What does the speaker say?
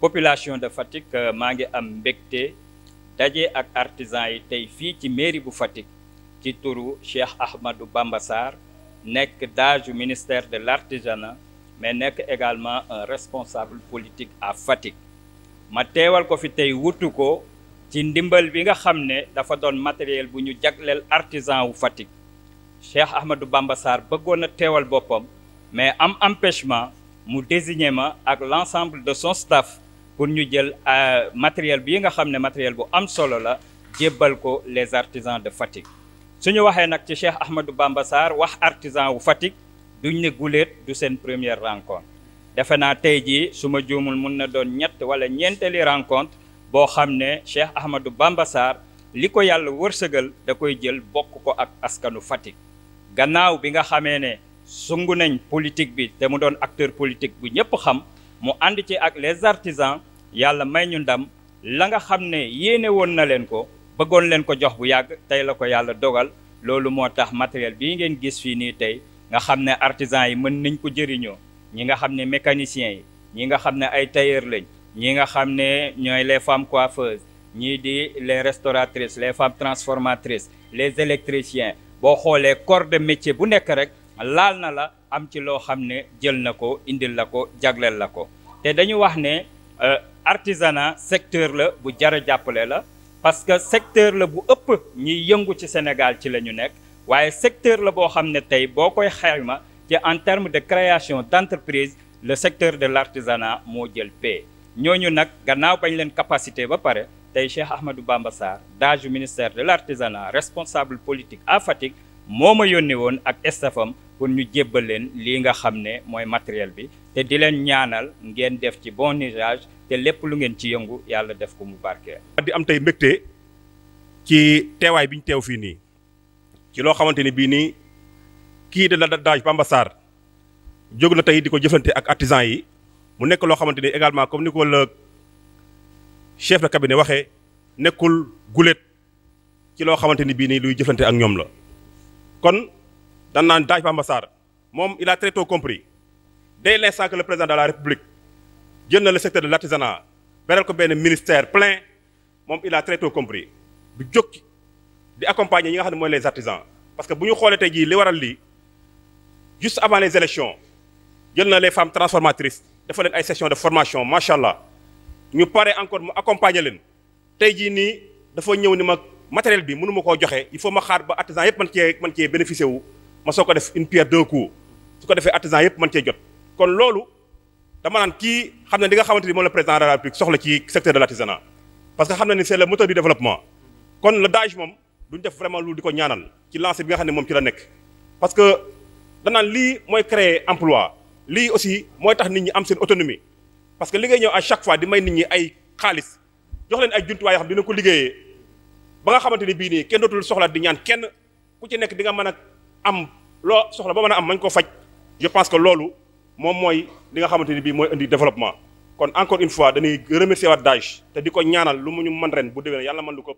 population de Fatick euh, maa ngi am mbégte daje ak artisan yi tey fii ci mairie bu Fatick ci turu Cheikh Ahmadou Bamba Sarr nekk daaju ministère de l'artisanat mais nekk également un responsable politique à Fatick ma teewal ko fi tey wutu ko ci ndimbal bi nga xam ne dafa doon matériel bu ñu jagleel artisan wu Fatick Cheikh Ahmadou Bamba Sarr bëggoon na teewal boppam mais am empêchement mu désigné ma ak l'ensemble de son staff pour ñu jël euh, matériel bi nga xam ne matériel bu am solo la jébbal ko les artisans de su suñu waxee nag ci Cheikh Ahmadou Bamba Sarr wax artisan wu Fatick du ne guléet du seen première rencontre defe naa tey jii su ma juumul mun na doon ñett wala ñeenteeli rencontre boo xam ne Cheikh Ahmadou Bamba li ko yàlla wërsëgal da koy jël bokk ko ak askanu Fatick gannaaw bi nga xamee ne sungu nañ politique bi te mu doon acteur politique bu ñëpp xam mu ànd ci ak les artisans yàlla may ñu ndam la nga xam ne yéene woon na leen ko bëggoon leen ko jox bu yàgg tey la ko yàlla dogal loolu moo tax matériel bii ngeen gis fii nii tey nga xam ne artisans yi mën nañ ko jëriñoo ñi nga xam ne mécaniciens yi ñi nga xam ne ay tailleur lañ ñi nga xam ne ñooy les femmes coiffeuses ñii di les restauratrices les femmes transformatrices les électriciens boo xoolee corps de métier bu nekk rek laal na la am ci loo xam ne jël na ko indil la ko jagleel la ko te dañu wax ne euh, artisanat secteur la bu jar jàppale la parce que secteur la bu ëpp ñiy yëngu ci Sénégal ci la ñu nekk waaye secteur la boo xam ne tey boo koy ma ci en termes de création d'entreprise le secteur de l'artisanat moo jël paie ñooñu nag gannaaw bañ leen capacité ba pare tey Cheikh ahmadu Bamba Sarr daaju ministère de l'artisanat responsable politique à Fatick moo ma yónnee woon ak estafam pour ñu jébbal leen lii nga xam ne mooy matériel bi te di leen ñaanal ngeen def ci bon usage te lépp lu ngeen ci yëngu yàlla def ko mu barkee di am tey mbégte ci teewaay bi ñu teew fii nii ci loo xamante ni bii nii kii de la daaj Bamba Sarr jóg na tey di ko jëflante ak artisan yi mu nekk loo xamante ni également comme ni ko la chef de cabinet waxee nekkul guléet ci loo xamante ni bii nii luy jëflante ak ñoom la kon dan naan daaj Bamba Sarr moom il a très tôt compris dès l'instant que le président de la république jël na le secteur de l'artisanat beral ko benn ministère plein moom il a très tôt compris du jóg di accompagner ñi nga xam ne mooy les artisans parce que bu ñu xoolee tey jii li waral lii juste avant les élections jël na les femmes transformatrices dafa leen ay session de formation macha allah ñu pare encore mu accompagner leen tey jii nii dafa ñëw ni ma matériel bi mënuma koo joxe il faut ma xaar ba artisan yëpp man cee man cee bénéficier wu ma soo ko def une pierre deux su ko defee artisan yëpp man cee jot kon loolu dama naan kii xam ne li nga xamante ni moom la président de soxla ci secteur de l' artisanat parce que xam na ni c' est le moteur du développement kon le DAGE moom duñ def vraiment lu di ko ñaanal ci bi nga xam ne la nekk parce que danaan lii mooy créer emploi lii aussi mooy tax nit ñi am seen autonomie parce que li ngay ñëw à chaque fois di may nit ñi ay xaalis jox leen ay jumtuwaay yoo xam dina ko liggéeyee ba nga xamante ni bii nii kenn dootul soxla di ñaan kenn ku ci nekk di nga mën a am loo soxla ba mën a am mañ ko faj je pense que loolu moom mooy li nga xamante ni bii mooy indi développement kon encore une fois dañuy remercier waat DAGE te di ko ñaanal lu mu ñu mën ren bu déwénee yàlla mën lu ko